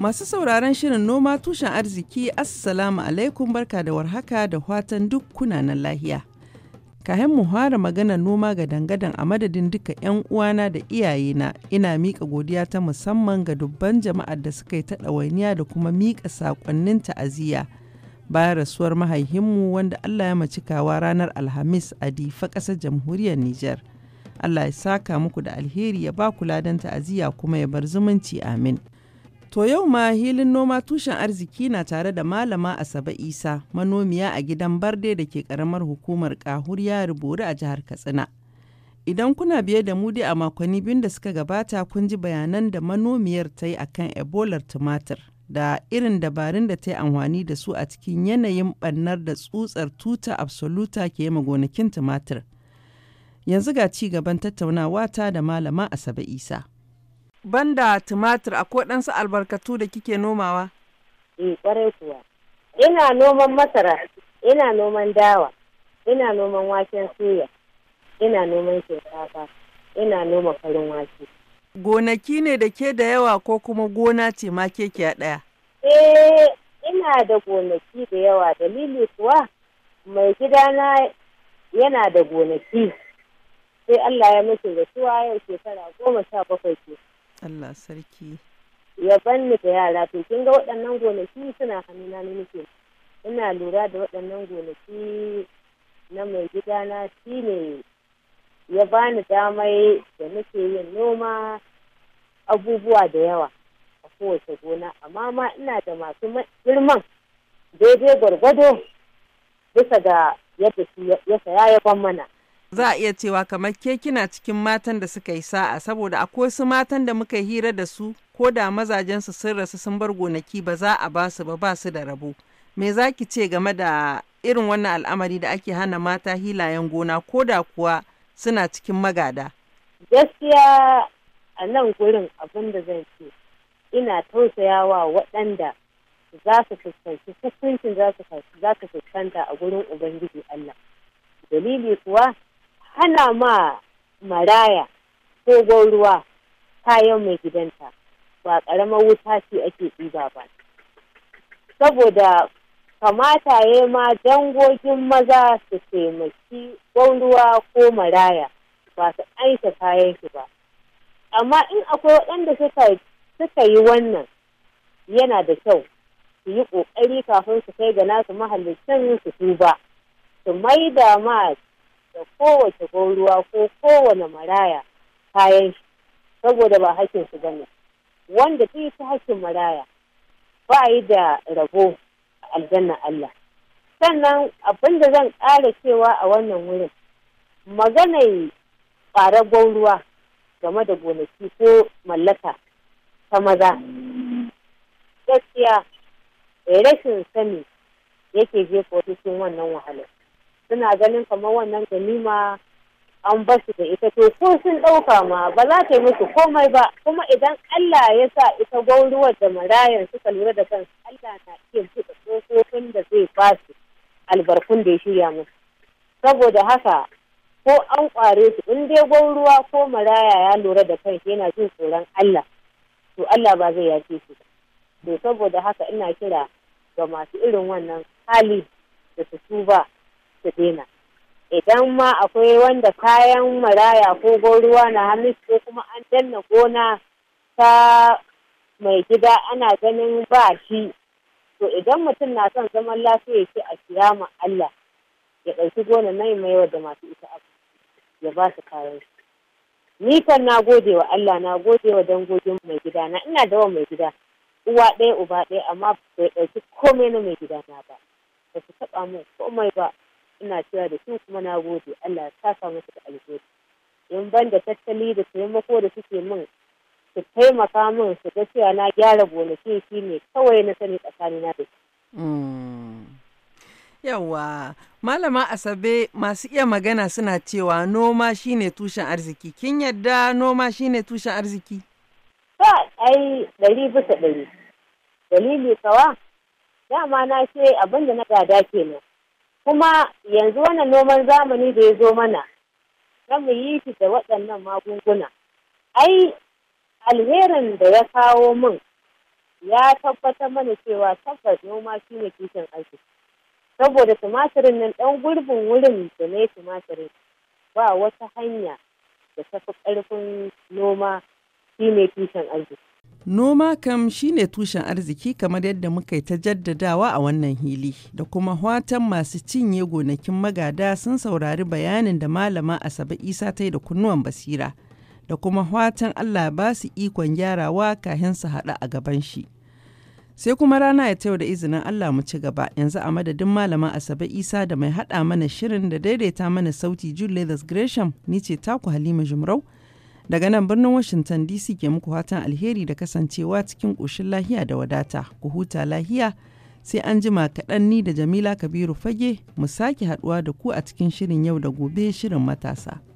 Masu sauraron shirin noma tushen arziki Assalamu alaikum barka da warhaka da watan duk kunanan lahiya. Kayan mu fara magana noma ga dangadan a madadin duka 'yan uwana da iyayena ina miƙa godiya ta musamman ga dubban jama'ar da suka yi ta ɗawainiya da kuma miƙa saƙonnin ta'aziyya. Bayan rasuwar mahaihinmu wanda Allah ya maci kawa ranar Alhamis a difa ƙasar jamhuriyar Nijar. Allah ya saka muku da alheri ya ba kula ladan ta'aziyya kuma ya bar zumunci amin. To yau ma hilin noma tushen arziki na tare da malama Asaba Isa manomiya a gidan Barde da ke karamar hukumar ya Rubori a jihar Katsina. Idan kuna biye da mu dai a makonni biyun da suka gabata kun ji bayanan da manomiyar ta yi akan ebolar tumatir da irin dabarun da ta yi amfani da su a cikin yanayin bannar da tsutsar tuta absoluta ke yi gonakin tumatir. Yanzu ga ci gaban tattaunawa ta da malama Asaba Isa. banda tumatir a ɗansu albarkatu da kike nomawa? Eh kwarai kuwa. Ina noman masara, ina noman dawa, ina noman waken suya, ina noman shinkafa, ina noma farin wake. Gonaki ne da ke da yawa ko kuma gona ce ma ke ɗaya? Eh ina da gonaki da yawa dalili kuwa mai gidana yana da gonaki. Sai Allah ya mutu da suwa yau shekara goma sha bakwai ke. Allah sarki ya banni da yara to kin ga waɗannan gonaki suna hannuna ne muke. ina lura da waɗannan gonaki na mai gidana shine ya bani damai da nake yin noma abubuwa da yawa a kowace gona amma ma ina da masu girman daidai gwargwado bisa ga yadda ya saya ya ban mana za a iya cewa kamar ke kina cikin matan da suka yi sa'a saboda akwai su matan da muka yi hira da su ko da mazajensu sun rasu sun bar gonaki ba za a ba su ba ba su da rabo me za ki ce game da irin wannan al'amari da ake hana mata hilayen gona ko da kuwa suna cikin magada gaskiya a nan gurin abin da zan ce ina tausayawa waɗanda za su fuskanci hukuncin za su fuskanta a gurin ubangiji Allah dalili kuwa ana ma maraya ko ruwa kayan mai gidanta ba ƙaramar wuta ce ake ɗiba ba saboda kamata ya ma dangogin maza su taimaki ruwa ko maraya ba su aita kayan shi ba amma in akwai waɗanda suka yi wannan yana da kyau su yi ƙoƙari kafin su kai ga nasu mahallicin su tuba su mai da ma da kowace ruwa ko kowane maraya kayan shi saboda ba hakin su gane wanda ta yi ta hakin maraya ba yi da rabo a aljanna Allah sannan abin da zan ƙara cewa a wannan wurin maganai ƙara gwauruwa game da gonaki ko mallaka ta maza gaskiya rashin sani yake jefa cikin wannan wahalar suna ganin kamar wannan ganima an basu da ita to ko sun ɗauka ma ba za ta yi musu komai ba kuma idan Allah ya sa ita gwauruwar da marayan suka lura da kansu Allah na iya buɗe tsofaffin da zai basu su albarkun da ya shirya musu saboda haka ko an ƙware su in dai gwauruwa ko maraya ya lura da kansu yana jin tsoron Allah to Allah ba zai yace su to saboda haka ina kira ga masu irin wannan hali da su tuba su daina idan ma akwai wanda kayan maraya ko goruwa na hannu ko kuma an danna gona ta mai gida ana ganin ba shi to idan mutum na son zaman lafiya shi a kiyama Allah ya ɗauki gona na mai da masu ita abu ya ba su kayan su ni kan na gode wa Allah na gode wa dangogin mai gida na ina da mai gida uwa ɗaya uba ɗaya amma bai ɗauki komai na mai gida na ba ba su taɓa min komai ba ina cewa da su kuma na gode Allah ya saka musu da alheri in ban da tattali da taimako da suke min su taimaka min su ga cewa na gyara gonakin shi ne kawai na sani tsakanina da su. Mm. Yawwa, Malama Asabe masu iya magana suna cewa noma shine tushen arziki. Kin yadda noma shine tushen arziki? Ba, ai ɗari bisa ɗari. Dalili kawa, dama na ce abinda na gada kenan. kuma yanzu wannan noman zamani da ya zo mana na mu yi shi da waɗannan magunguna ai alherin da ya kawo min ya tabbatar mana cewa tabbas noma shi ne kishin arziki saboda tumatirin nan ɗan gurbin wurin da na yi tumatirin ba wata hanya da tafi ƙarfin noma shi ne kishin arziki Noma kam shine tushen arziki kamar yadda muka yi ta jaddadawa a wannan hili da kuma watan masu cinye gonakin magada sun saurari bayanin da malama Asabe Isa ta yi da kunnuwan basira da kuma watan Allah ba su ikon gyarawa kahin su haɗa a gaban shi. Sai kuma rana ya yau da izinin Allah mu ci gaba yanzu a madadin malama Asabe Isa da mai haɗa mana shirin da daidaita mana sauti Julius Gresham ni ce taku Halima Jumrau. Daga nan birnin Washington DC ke muku fatan alheri da kasancewa cikin ƙoshin lahiya da wadata, ku huta lahiya sai an jima kaɗan ni da Jamila Kabiru Fage mu sake haɗuwa da ku a cikin shirin yau da gobe shirin matasa.